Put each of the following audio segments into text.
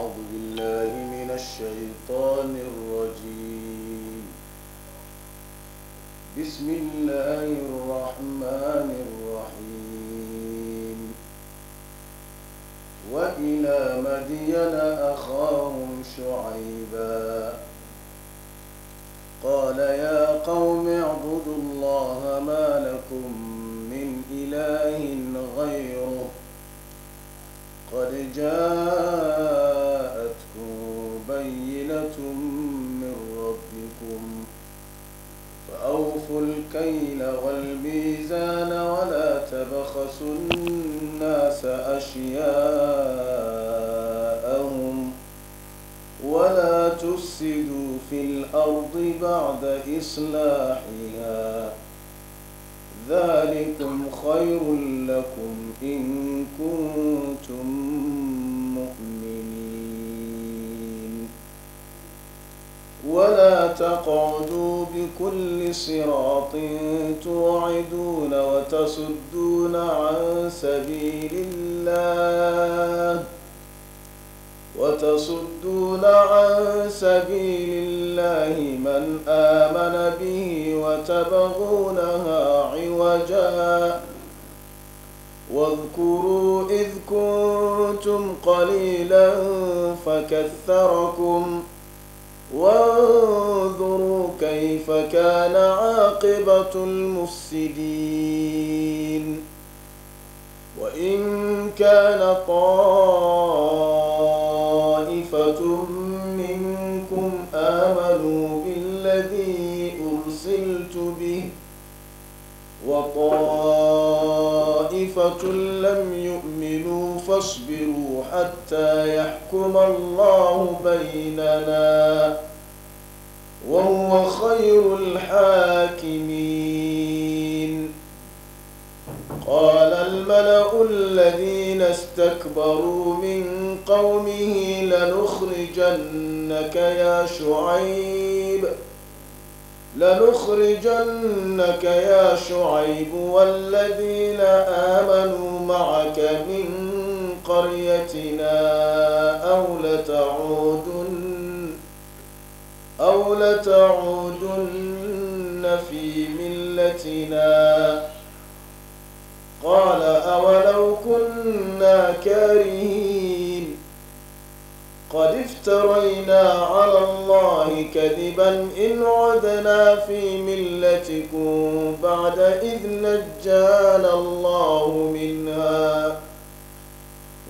أعوذ بالله من الشيطان الرجيم بسم الله الرحمن الرحيم وإلى مدين أخاهم شعيبا قال يا قوم اعبدوا الله ما لكم من إله غيره قد جاء من ربكم فأوفوا الكيل والميزان ولا تبخسوا الناس أشياءهم ولا تفسدوا في الأرض بعد إصلاحها ذلكم خير لكم إن كنتم ولا تقعدوا بكل صراط توعدون وتصدون عن سبيل الله وتصدون عن سبيل الله من آمن به وتبغونها عوجا واذكروا إذ كنتم قليلا فكثركم وانظروا كيف كان عاقبة المفسدين وإن كان طائفة منكم آمنوا بالذي أرسلت به وطائفة لم وَاصْبِرُوا حَتَّى يَحْكُمَ اللَّهُ بَيْنَنَا وَهُوَ خَيْرُ الْحَاكِمِينَ قال الملأ الذين استكبروا من قومه لنخرجنك يا شعيب لنخرجنك يا شعيب والذين آمنوا معك من قريتنا أو لتعودن أو لتعودن في ملتنا قال أولو كنا كارهين قد افترينا على الله كذبا إن عدنا في ملتكم بعد إذ نجانا الله منها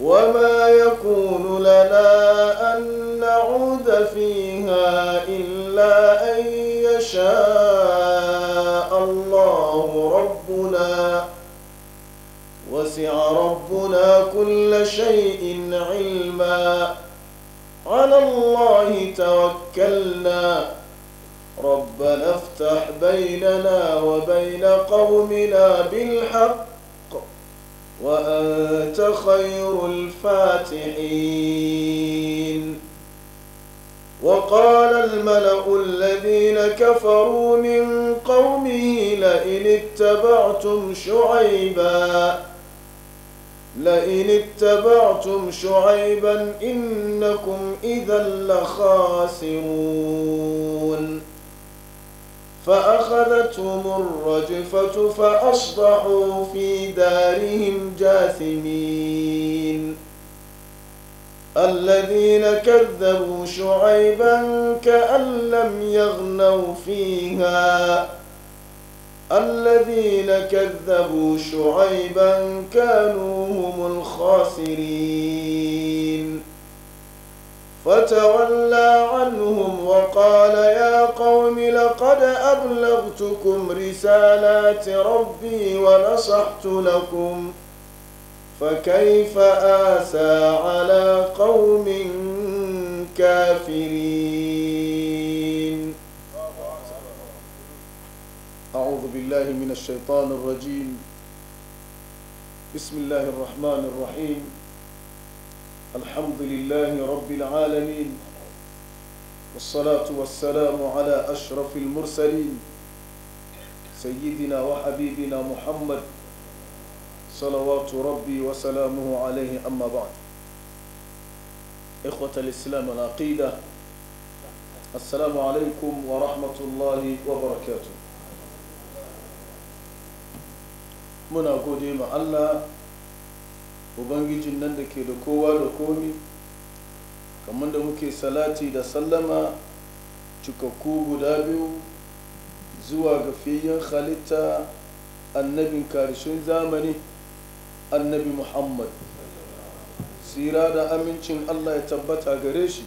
وما يكون لنا أن نعود فيها إلا أن يشاء الله ربنا وسع ربنا كل شيء علما على الله توكلنا ربنا افتح بيننا وبين قومنا بالحق وأنت خير الفاتحين وقال الملأ الذين كفروا من قومه لئن اتبعتم شعيبا لئن اتبعتم شعيبا إنكم إذا لخاسرون فأخذتهم الرجفة فأصبحوا في دارهم جاثمين الذين كذبوا شعيبا كأن لم يغنوا فيها الذين كذبوا شعيبا كانوا هم الخاسرين فتولى عنهم وقال يا قوم لقد أبلغتكم رسالات ربي ونصحت لكم فكيف آسى على قوم كافرين أعوذ بالله من الشيطان الرجيم بسم الله الرحمن الرحيم الحمد لله رب العالمين والصلاة والسلام على أشرف المرسلين سيدنا وحبيبنا محمد صلوات ربي وسلامه عليه أما بعد إخوة الإسلام العقيدة السلام عليكم ورحمة الله وبركاته muna gode ma ubangijin nan da ke da kowa da komi kamar da muke salati da sallama cikakku guda biyu zuwa ga fiye halitta annabin karshen zamani annabi muhammad tsira da amincin allah ya tabbata gare shi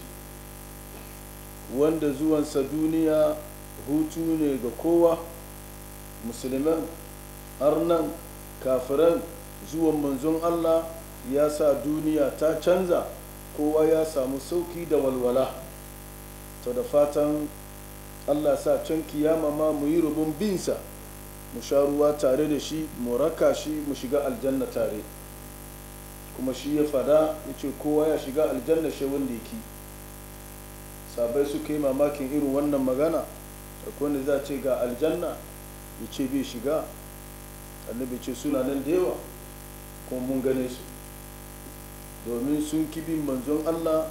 wanda zuwansa duniya hutu ne ga kowa musulman arnan kafiran zuwan manzon Allah ya sa duniya ta canza kowa ya samu sauki da walwala ta da fatan Allah sa can kiyama ma mu yi rubin binsa mu sha ruwa tare da shi mu raka shi mu shiga aljanna tare kuma shi ya fada ya ce kowa ya shiga aljanna shi wanda yake sabai suka yi mamakin irin wannan magana akwai wanda za ce ga aljanna ya ce bai shiga annabi ce suna nan da yawa kuma mun gane su domin sun kibin manzon Allah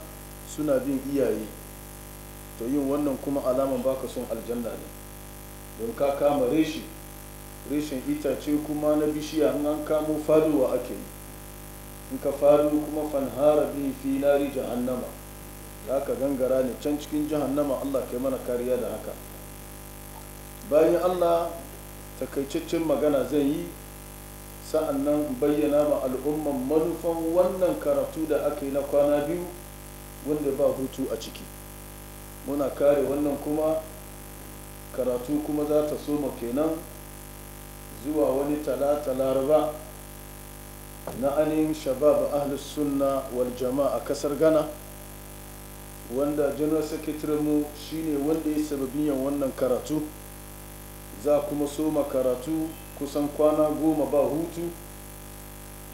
suna bin iyaye to yin wannan kuma alaman baka son aljanna ne don ka kama reshi reshen itace kuma na bishiya in an kamo faduwa ake yi in ka faru kuma fanhara bi fi nari jahannama za ka gangara ne can cikin jahannama Allah kai mana kariya da haka bayan Allah takaitaccen magana zan yi sa'annan bayyana ma al'umman manufan wannan karatu da aka yi na kwana biyu wanda ba hutu a ciki muna kare wannan kuma karatu kuma za ta soma kenan zuwa wani talata laraba na anin shabab ahlus sunna wal jama'a kasar ghana wanda general secretary mu shine wanda ya sababin wannan karatu za kuma soma karatu kusan kwana goma ba hutu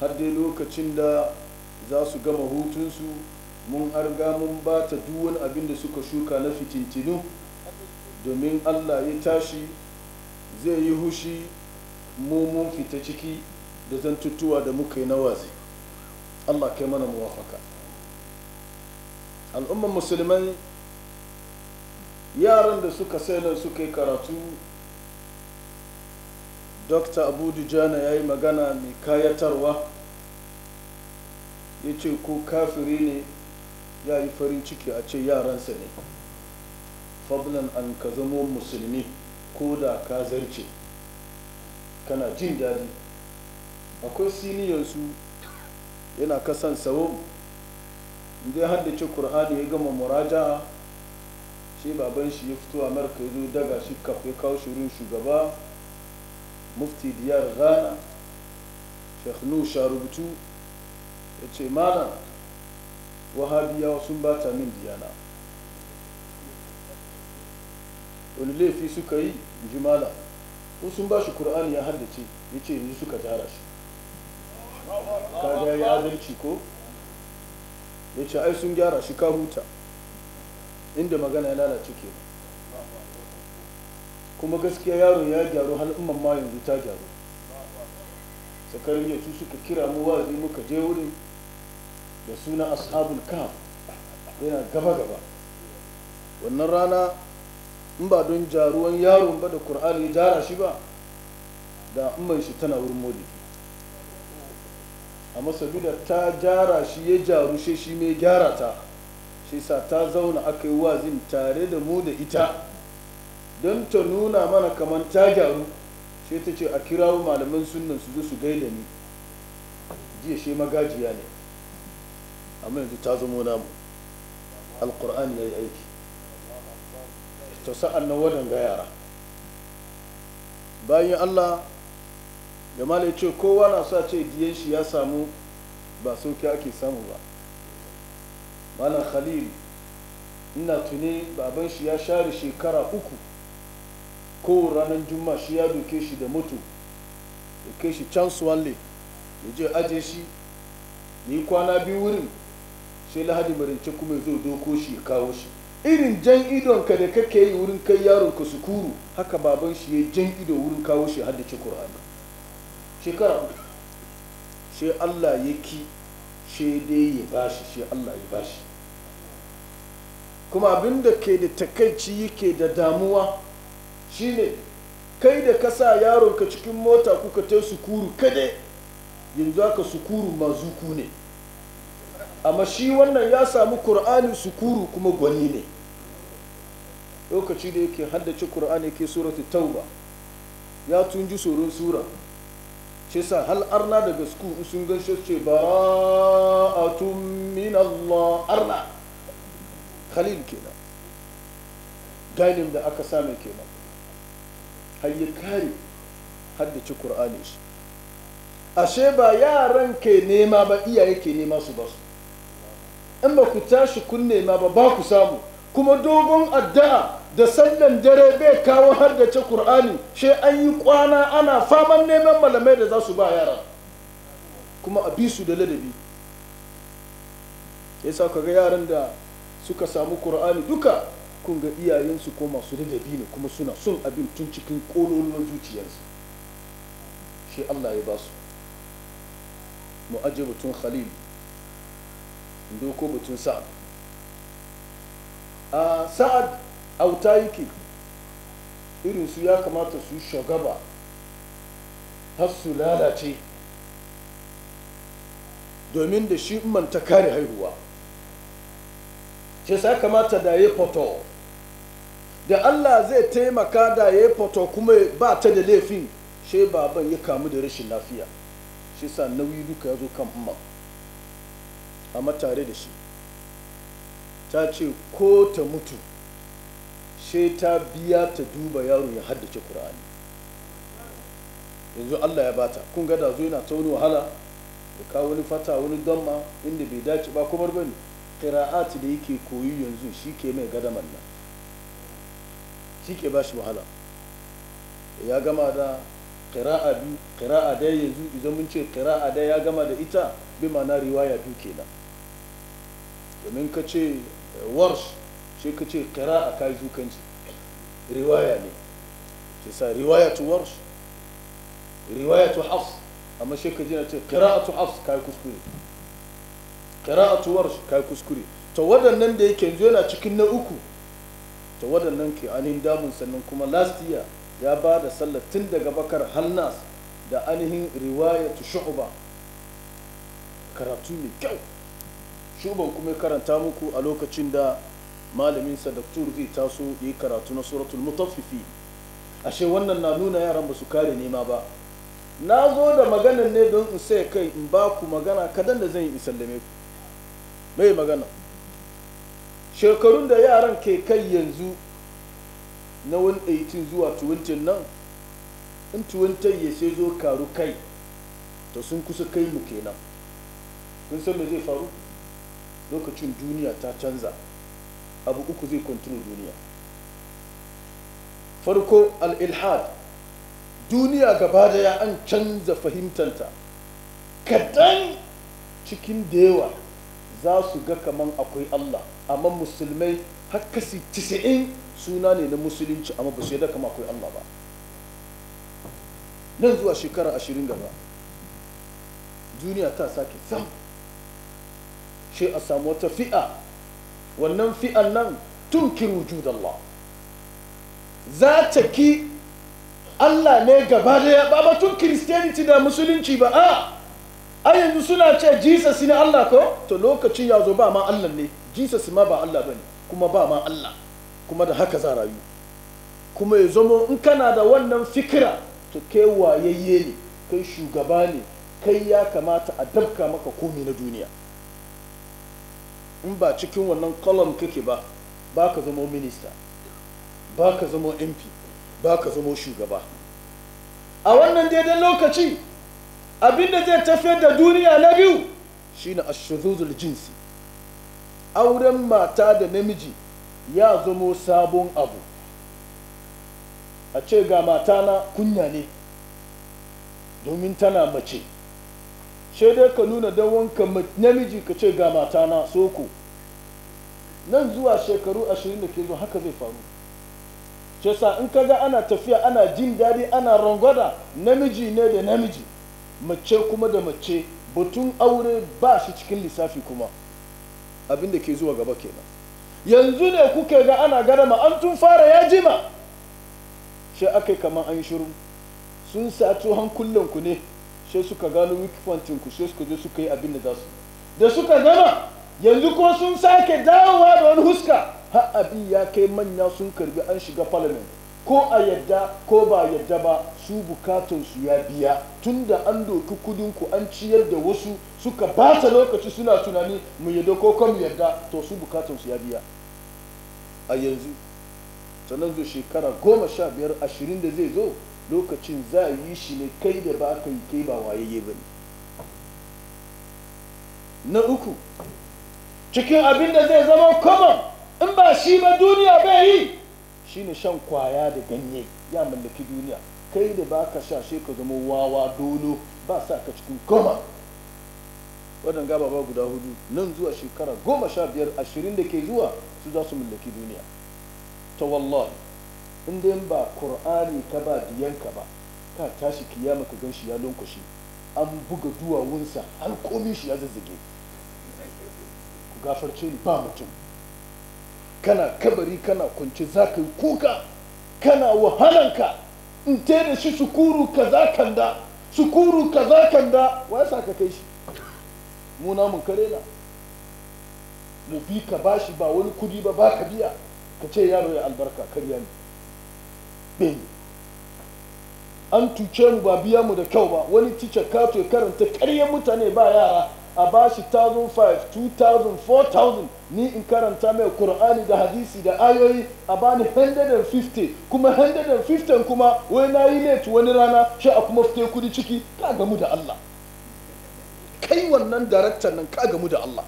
har dai lokacin da za su gama hutunsu mun harga mun ba ta wani abin da suka shuka na fitintinu domin allah ya tashi zai yi hushi mun fita ciki da zantuttuwa da muka yi na wazi allah kai mana muwafaka al'umman musulmai yaran da suka sai suka yi karatu dr abu Jana ya yi magana mai kayatarwa ya ce ko kafiri ne ya yi farin ciki a ce yaransa ne fablan an ka zamo musulmi ko da ka zarce kana jin daɗi akwai siniyansu yana kasan sawon inda ya haddace ya gama muraja shi baban shi ya fito a marka ya zo daga shi kafe kawo shirin shugaba mufti diyar ghana sheikh Sha rubutu ya ce mana wahabiyawa sun bata min diyana wani laifi suka yi ji mana ko sun ba shi kur'ani ya haddace ya ce yanzu suka jara shi kaga ya adalci ko ya ce ai sun gyara shi ka huta inda magana ya lalace kenan kuma gaskiya yaron ya gyaru al'umman ma yanzu ta gyaru sakarin yacu suka kira mu wazi muka je wurin da suna ashabul kahf yana gaba gaba wannan rana in ba don jaruwan yaron ba da kur'ani ya jara shi ba da umman shi tana wurin modi amma sabida ta jara shi ya jaru shi shi mai gyara ta shi sa ta zauna aka yi wazin tare da mu da ita don ta nuna mana kamar ta gyaru sai ta ce a kirawo malaman sunan su zo su gaida ni jiya shi magajiya ne amma yanzu ta zamo namu alkur'ani ya yi aiki ta sa'an nan ga yara bayan allah da malai ce kowa na sa ce diyan shi ya samu ba sauki ake samu ba malam khalil ina tuni baban shi ya share shekara uku ko ranar juma shi ya doke shi da mutu ya kai shi can swanley ya je aje shi ya kwana biyu wurin shi lahadi marince kuma ya zo doko shi ya kawo shi irin jan idon ka da kake yi wurin kai yaron ka sukuru haka baban shi ya jan ido wurin kawo shi haddace kur'ani shekara shi allah ya ki shi dai ya bashi shi allah ya bashi kuma abinda ke da takaici yake da damuwa shine kai da ka sa yaronka cikin mota kuka ta sukuru kade yanzu haka sukuru mazuku ne amma shi wannan ya samu kur'ani sukuru kuma gwani ne lokaci da yake haddace kur'ani yake suratu tauba ya tunji tsoron sura ce sa hal arna daga suku sun gan shi ce a min arna khalil kenan gainin da aka same kenan har yi kare haddace Kur'ani shi ashe ba yaran ke nema ba iyaye ke nema su ba su in ba ku tashi kun nema ba ba ku samu kuma dogon addu'a da sannan dare bai kawo haddace Kur'ani shi an yi kwana ana faman neman malamai da za su ba yara kuma a bi su da ladabi yasa ga yaran da suka samu Kur'ani duka kun ga iyayensu ko masu ladabi ne kuma suna son abin tun cikin ƙololuwar zuciyarsu shi Allah ya ba su mu batun khalil ko batun sa'ad a sa'ad auta yake irinsu ya kamata su shugaba har su lalace domin da shi man ta kare haihuwa ce sa kamata da ya foto da Allah zai taimaka da ya yi fato kuma ba ta da laifin shi baban ya kamu da rashin lafiya shi sa nauyi duka ya zo kan umma amma tare da shi ta ce ko ta mutu shi ta biya ta duba yaro ya haddace kur'ani yanzu Allah ya bata kun ga da zo yana ta wani wahala da kawo wani fata wani damma inda bai dace ba kuma bane qira'ati da yake koyi yanzu shi ke mai gadaman nan shi ke ba shi wahala ya gama da ƙira'a biyu ƙira'a daya yanzu idan mun ce ƙira'a daya ya gama da ita bi ma'ana riwaya biyu kenan domin ka ce eh, warsh shi ka ce ƙira'a kai zukanci riwaya ne ke sa riwaya tu warsh riwaya tu hafs amma shi ka jina ce ƙira'a tu hafs kai kuskure ƙira'a tu warsh kai kuskure to waɗannan da yake yanzu yana cikin na uku ta waɗannan ke ainihin damun sannan kuma last year ya ba da sallah tun daga bakar hannas da ainihin riwaya ta shu'uba karatu mai kyau shuban kuma karanta muku a lokacin da malaminsa daktur zai taso yi karatu na suratul mutaffifi ashe wannan na nuna yaran ba su kare nema ba na zo da maganan ne don in sai kai in ba ku magana kadan da zan yi in sallame ku mai magana shekarun da yaran ke kai yanzu na 118 zuwa 20 nan in 20 ya sai zo karu kai ta sun kusa kai mu kenan kun san me zai faru lokacin duniya ta canza abu uku zai kwantunan duniya farko al-ilhad duniya gaba daya an canza fahimtanta kadan cikin da yawa za su ga kaman akwai Allah amma musulmai har kasi 90 suna ne na musulunci amma ba su yadda kama akwai Allah ba nan zuwa shekara ashirin gaba duniya ta sake sam shi a samu wata fi'a wannan fi'an nan tunkir wujud Allah za ta ki Allah ne gaba daya ba batun kiristiyanci da musulunci ba a a yanzu suna ce jisa ne Allah ko to lokacin ya zo ba ma Allah ne jesus ma ba allah bane kuma ba ma allah kuma da haka za rayu kuma ya zamo in kana da wannan fikira to kai wayayye ne kai shugaba ne kai ya kamata a dabka maka komi na duniya in ba cikin wannan kolom kake ba ba ka zamo minista ba ka zamo mp ba ka zamo shugaba a wannan daidai lokaci abinda zai tafiyar da duniya na biyu shine zuzul jinsi auren mata da namiji ya zamo sabon abu a ce ga mata na kunya ne domin tana mace sai dai ka nuna don wanka namiji ka ce ga mata matana soko nan zuwa shekaru ashirin da ke zo haka zai faru ce sa in ga ana tafiya ana jin daɗi ana rangwada namiji ne da namiji mace kuma da mace batun aure ba shi cikin lissafi kuma Abinda da ke zuwa gaba kenan yanzu ne kuke ga ana garama an tun fara ya jima shi aka kamar an shiru sun sato hankulanku ne sai suka gano wikifantinku sai suka je suka yi abin da za su da suka gama yanzu ko sun sake dawowa da wani huska har abin ya kai manya sun karbi an shiga parliament ko a yadda ko ba yadda ba su bukatansu ya biya tun da an doki kudinku an ciyar da wasu suka bata lokaci suna tunani mu yadda ko kan yarda to su bukatansu ya biya a yanzu sannan zo shekara goma sha biyar ashirin da zai zo lokacin za a yi shi ne kai da ba ka yi kai ba wayayye ba ne na uku cikin abin da zai zama common in ba shi ba duniya bai yi shine shan kwaya da ganye ya mallaki duniya kai da ba ka sha ka zama wawa dolo ba sa ka cikin koma wadan gaba ba guda hudu nan zuwa shekara goma sha biyar ashirin da ke zuwa su za su mallaki duniya ta wallahi in dai ba Kur'ani ka ba diyanka ba ka tashi kiyama ka gan shi ya lunkushi an buga duwawunsa har komi shi ya zazzage ku gafarce ni ba mutum kana kabari kana kunci za ka yi kuka kana wahalanka in te da shi sukuru kaza kanda sukuru kaza kanda wa sa ka kai shi mu na mun kare na mu bi ka bashi ba wani kudi ba ba ka biya ka ce yaro ya albarka karya ne an tuce mu ba biya mu da kyau ba wani tice kato ya karanta karyar mutane ba yara a ba shi 1,005 2,000 4,000 ni in karanta mai kur'ani da hadisi da ayoyi a bani 150 kuma 150 kuma wai na yi late wani rana shi a kuma fite kudi ciki ka gamu da Allah kai wannan daraktan nan ka gamu da Allah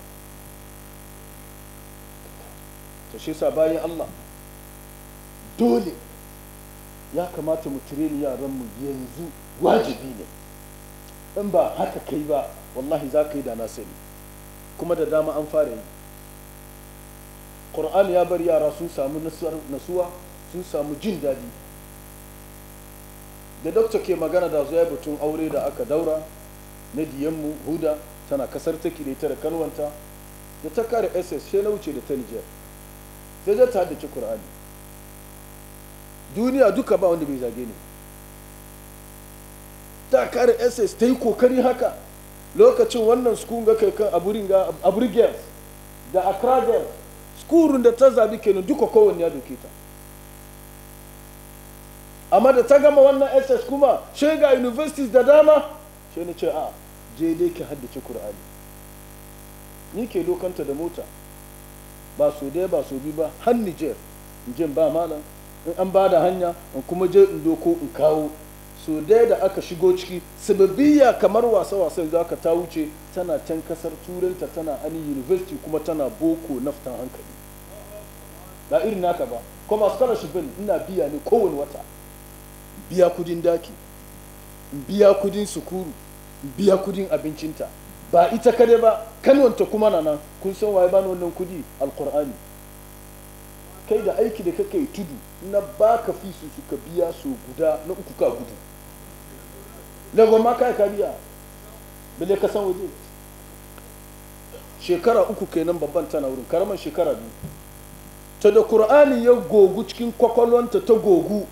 ta shi sa bayan Allah dole ya kamata mu tire yaranmu yanzu wajibi ne in ba haka kai ba wallahi za ka yi da na kuma da dama an fara yi ƙur'an ya bar yara sun samu nasuwa sun samu jin daɗi da dokta ke magana da zuwa batun aure da aka daura na diyanmu huda tana kasar ta kire ta da kalwanta da ta kare ss sai na wuce da ta nijar sai zai ta haddace ƙur'ani duniya duka ba wanda bai zage ne ta kare ss ta yi kokari haka lokacin wannan skun ga kai kan abrigens da accra girls da ta zabi kenan duka kowane ya doke ta amma da ta gama wannan ss kuma shega universities da dama shi ne ce a je dai ki haddace kur'ani ni ke dokanta da mota ba so dai ba so bi ba har niger in je ba malam in an ba da hanya in kuma je in doko in kawo so dai da aka shigo ciki sababbiya kamar wasa-wasan za ka ta wuce tana can kasar turanta tana an university kuma tana boko naftan hankali ba irin naka ba kuma scholarship ina biya ne kowane wata biya kudin daki biya kudin sukuru biya kudin abincinta ba ita kade ba kanwanta kuma na nan kun san waye bani wannan kudi alkur'ani kai da aiki da kake tudu na baka fi su suka biya su guda na uku ka gudu daga ma kai ka biya bale ka san waje shekara uku kenan babban tana wurin karaman shekara biyu ta da Kur'ani ya gogu cikin kwakwalwanta ta gogu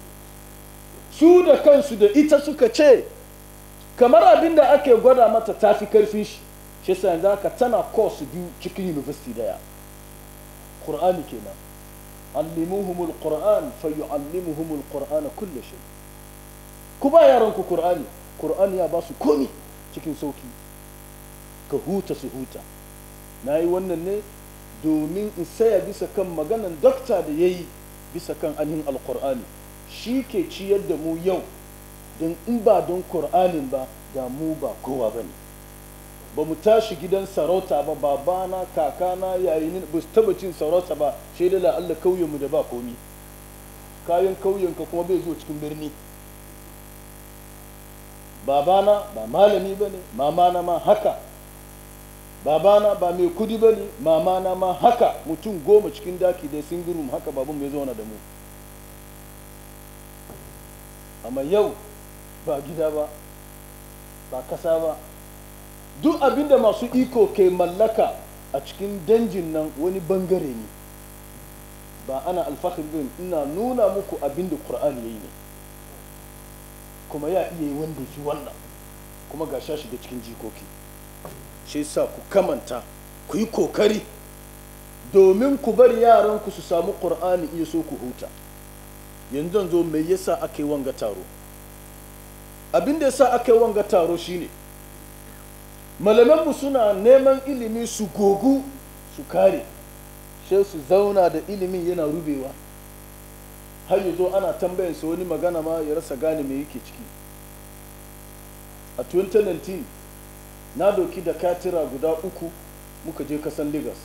su da kansu da ita suka ce kamar abin da ake gwada mata ta fi karfin shi shi sa yanzu haka tana course biyu cikin university daya qur'ani kenan allimuhumul qur'an fayu'allimuhumul qur'ana kullu shay ku ba yaranku ku ƙur'ani ya ba su komi cikin sauki ka huta su huta na yi wannan ne domin in saya bisa kan maganan dokta da ya yi bisa kan ainihin alƙur'ani shi ke ciyar da mu yau don in ba don ƙur'anin ba da mu ba kowa ba ne ba mu tashi gidan sarauta ba babana kakana yayin ba su taba cin sarauta ba shaidala allah mu da ba komi kayan kauyenka kuma bai zo cikin birni babana ba malami ba ne mamana ma haka babana ba mai kudi bane, ne mamana ma haka mutum goma cikin daki da single room haka babu mai zauna da mu amma yau ba gida ba ba kasa ba duk abinda masu iko ke mallaka a cikin danjin nan wani bangare ne ba ana alfahar ina nuna muku abinda ƙur'ani ya yi ne kuma ya iya yi wanda fi wannan kuma ga sha shiga cikin jikoki shi sa ku kamanta ku yi kokari domin ku bar yaranku su samu ƙur'ani iya so ku huta yanzu zo mai yasa aka yi wanga taro abin da yasa aka yi wanga taro shine mu suna neman ilimi su gogu su kare sai su zauna da ilimin yana rubewa har yanzu ana tambayin sa wani magana ma ya rasa gane mai yake ciki a 2019 na doki da katira guda uku muka je kasan lagos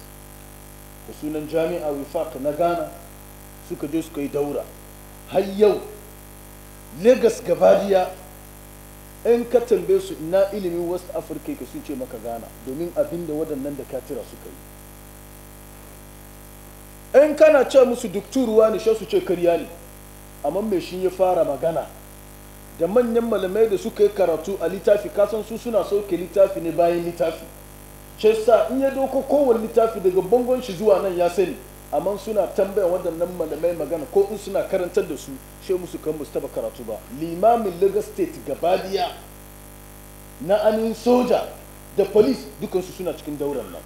da sunan jami'a wifak na ghana suka je suka yi daura har yau lagos gabadiya yan ka tambaye su ina ilimin west africa ka sun ce maka ghana domin abinda da waɗannan da katira suka yi in kana ce musu dukturuwa ne su ce karya ne amma mai shi ya fara magana da manyan malamai da suka yi karatu a littafi kasan su suna sauke littafi ne bayan littafi ce sa in ya doko kowane littafi daga bangon shi zuwa nan ya sani amma suna tambayan waɗannan malamai magana ko in suna karantar da su shi musu kan musu taba karatu ba limamin lagos state gabadiya na anin soja da police dukansu suna cikin dauran nan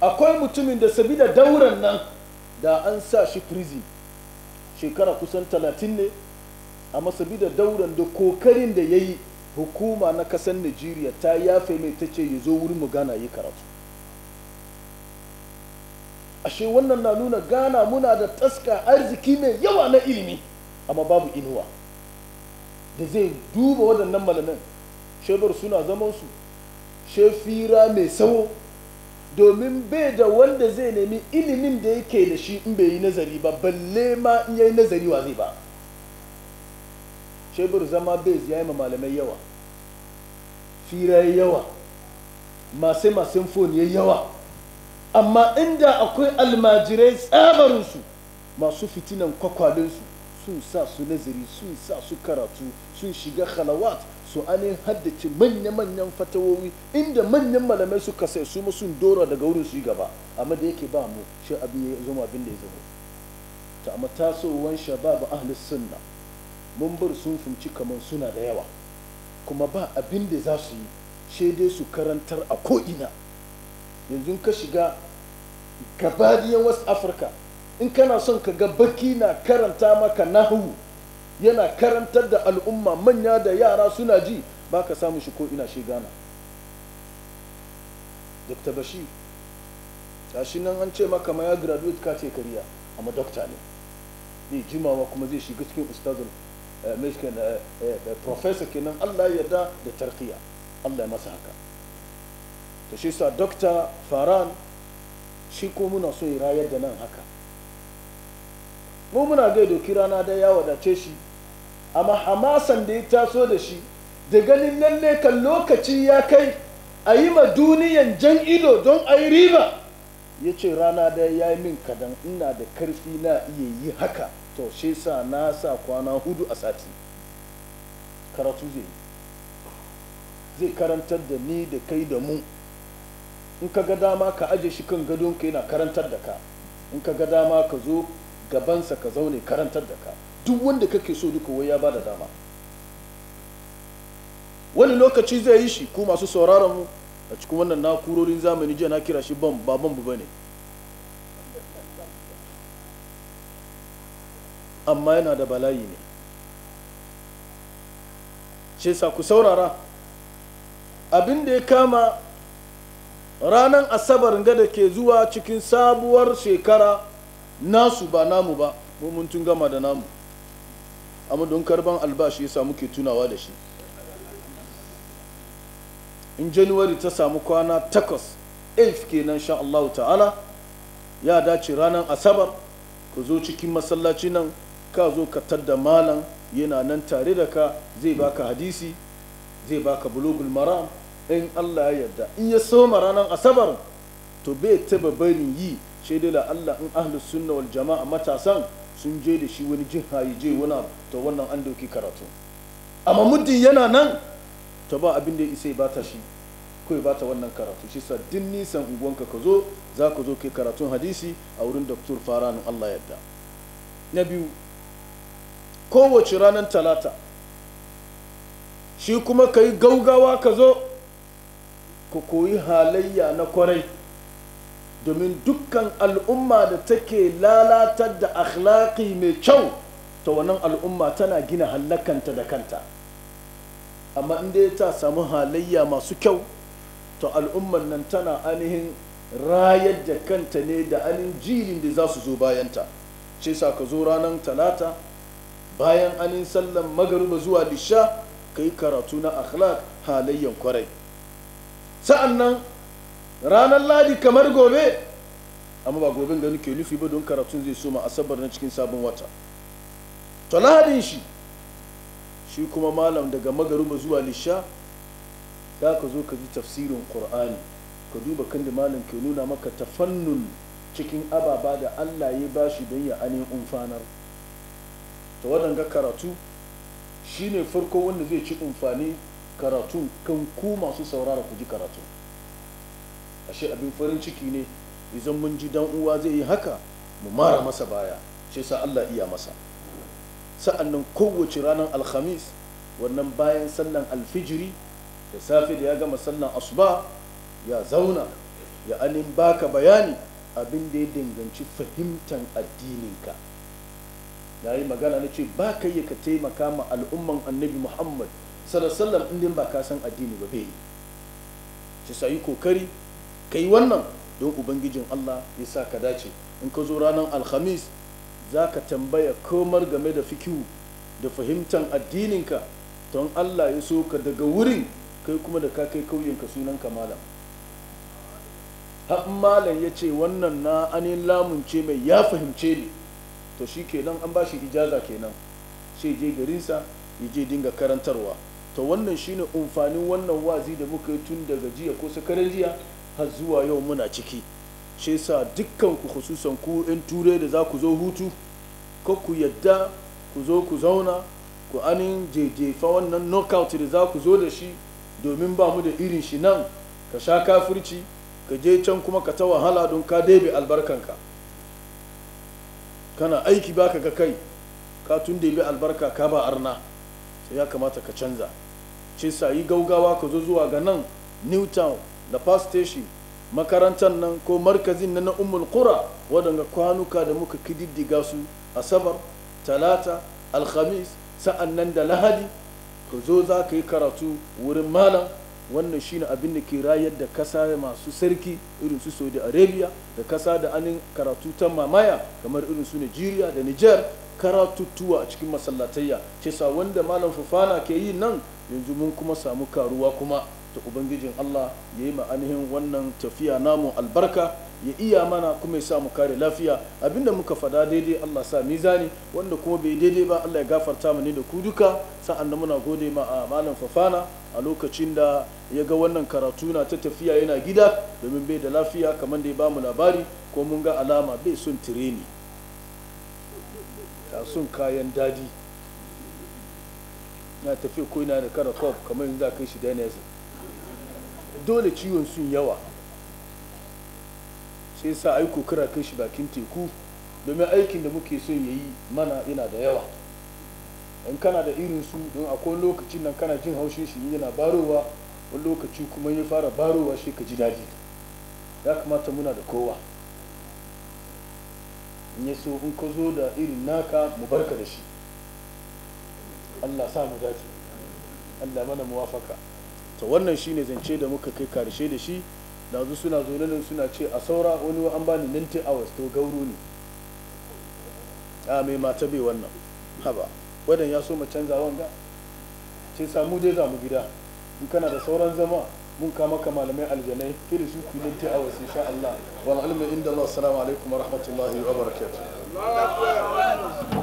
akwai mutumin da sabida dauran nan da an sa shi prison shekara kusan talatin ne amma sabida dauran da kokarin da ya yi hukuma na kasar nigeria ta yafe mai ta ce ya zo wurin mu gana yi karatu ashe wannan na nuna gana muna da taska arziki mai yawa na ilimi amma babu inuwa da zai duba waɗannan malamin shebar suna zamansu su fira mai tsawo. domin bai da wanda zai nemi ilimin da yake da shi in bai yi nazari ba balle ma in yayi nazari wa zai ba shebur zama bai ya yi malamai yawa fira ya yawa masu masu fon ya yawa amma inda akwai almajirai tsabarinsu masu fitinan kwakwalinsu sun sa su nazari sun sa su karatu sun shiga halawat su ane haddace manya-manyan fatawowi inda manyan malamai suka sai su ma sun dora daga wurin su yi gaba amma da yake ba mu shi abin ya zama abin da ya zama ta amma tasowar shabab ahli sunna mun bar sun fumci kamar suna da yawa kuma ba abin da za su yi sai dai su karantar a ko'ina yanzu ka shiga gabadiyan west africa in kana son ka ga baki na karanta maka nahu yana karantar da al'umma manya da yara suna ji ba ka samu shi ko ina shi gana bashi ta shi nan an ce maka ma ya graduate ka ce kariya amma dokta ne ne jimawa kuma zai shiga cikin ustazin eh, mexican eh, eh, professor kenan allah ya da da tarkiya allah ya masa haka ta shi sa dokta faran shi ko muna so ya rayar da nan haka mu muna gai doki rana da ya wadace shi amma hamasan da ya taso da shi da ganin lalle kan lokaci ya kai a yi ma duniyan jan ido don a yi riba ya ce rana da ya yi min kadan ina da karfi na iya yi haka to shi sa na sa kwana hudu a sati karatu zai yi zai karantar da ni da kai da mu in ka ga dama ka aje shi kan gadon ka yana karantar da ka in ka ga dama ka zo gabansa ka zaune karantar da ka duk wanda kake so duka wai ya ba da dama wani lokaci zai yi shi ku masu sauraron mu a cikin wannan na'urorin zamani jiya na kira shi bam ba ba ne amma yana da bala'i ne ce sa ku saurara abin da ya kama ranar asabar ga ke zuwa cikin sabuwar shekara nasu ba namu ba mun tun gama da namu amma don karban albashi yasa muke tunawa da shi in januwari ta samu kwana takwas 8 kenan sha Allah ta'ala ya dace ranar asabar ka zo cikin masallaci nan ka zo ka tadda malam yana nan tare da ka zai baka hadisi zai baka bulogul maram in Allah ya yarda in ya soma ranar asabar to bai taba barin yi sai dai la Allah in ahlus sunna wal jama'a matasan sun je da shi wani jin ya je wani to wannan an dauki karatu amma muddin yana nan to ba abin da ya isa ya bata shi ko ya bata wannan karatu shi sa din nisan unguwanka ka zo za ka zo kai karatun hadisi a wurin doktor faranu Allah yadda na biyu kowace ranar talata shi kuma ka yi gaugawa ka zo ka koyi halayya na kwarai domin dukkan al'umma da take lalatar da akhlaqi mai kyau ta wannan al'umma tana gina hallakanta da kanta amma inda ta samu halayya masu kyau ta al'ummar nan tana ainihin rayar da kanta ne da ainihin jirin da za su zo bayanta ce sa ka zo ranar talata bayan ainihin sallan magariba zuwa lisha ka yi karatu na akhlaq halayyan kwarai sa'an nan ranar ladi kamar gobe amma ba goben gani ke nufi ba don karatun zai soma asabar na cikin sabon wata to lahadin shi shi kuma malam daga magaruba zuwa lisha za ka zo ka ji tafsirin qur'ani ka duba kan da malam ke nuna maka tafannun cikin ababa da allah ya bashi don ya anin umfanar ta waɗanga karatu shine farko wanda zai ci umfani karatun kan ku masu saurara ku ji karatu. ashe abin farin ciki ne idan mun ji dan uwa zai yi haka mu mara masa baya shi sa Allah iya masa sa'annan kowace ranar alhamis wannan bayan sallan alfijiri da safe da ya gama sallan asuba ya zauna ya anin baka bayani abin da ya danganci fahimtar addininka ya yi magana na ce ba ka yi ka taimaka ma al'umman annabi muhammad sallallahu alaihi wasallam ba ka san addini ba bai yi shi sai kokari ka yi wannan don ubangijin allah ya sa ka dace in ka zo ranar alhamis za ka tambaya komar game da fikihu da fahimtar addininka don allah ya so ka daga wurin kai kuma da ka kai kauyenka sunanka malam har malam ya ce wannan na anin lamunce mai ya fahimce ni to shi kenan an ba shi ijaza kenan sai je garinsa ya je dinga karantarwa to wannan shine amfanin wannan wazi da muka yi tun daga jiya ko sakaran jiya har zuwa yau muna ciki shi sa dukkan ku hususan ku in turai da za ku zo hutu ko ku yadda ku zo ku zauna ku anin jejefa wannan knockout da za ku zo da shi domin ba mu da irin shi nan ka sha kafirci ka je can kuma ka ta wahala don ka daibe albarkanka kana aiki baka ga kai ka tun daibe albarka ka ba arna sai ya kamata ka canza ce sa yi gaugawa ka zo zuwa ga nan newtown da station makarantar nan ko markazin na ummul qura waɗanda kwanuka da muka kididdiga su asabar talata alhamis sa'an nan da lahadi ka zo za ka yi karatu wurin malam wannan shine abin da ke rayar da kasa masu sarki irin su saudi arabia da kasa da anin karatu ta mamaya kamar irin su nigeria da niger karatuttuwa a cikin masallatayya ce sa wanda malam fufana ke yi nan yanzu mun kuma samu karuwa kuma ta ubangijin Allah ya yi ma'anihin wannan tafiya namu albarka ya iya mana kuma ya sa mu kare lafiya abinda muka fada daidai Allah sa mizani wanda kuma bai daidai ba Allah ya gafarta mu ne da ku duka sa'an nan muna gode ma a ah, malam fafana a lokacin da ya ga wannan karatu na ta tafiya yana gida domin bai da lafiya kamar da ya bamu labari ko mun ga alama bai son tireni ya sun kayan dadi na tafi ko na da kara kamar yanzu za kai shi da dole ciwon sun yawa sai sa aiko kira kai shi bakin teku domin aikin da muke so ya yi mana yana da yawa in kana da irin su don akwai lokacin nan kana jin haushin shi yana barowa wani lokaci kuma ya fara barowa shi ka ji daji ya kamata muna da kowa in ya so in ka zo da irin naka mu barka da shi allah sa mu dace allah mana muwafaka to wannan shine zance da muka kai karshe da shi da suna zaune nan suna ce a saura wani an bani 90 hours to gauro ne a mai mata bai wannan haba wadan ya so mu canza wanga ce samu dai za mu gida in kana da sauran zama mun kama ka malamai aljanai ke da shi ku 90 hours insha Allah wal ilmu inda Allah assalamu alaikum wa rahmatullahi wa barakatuh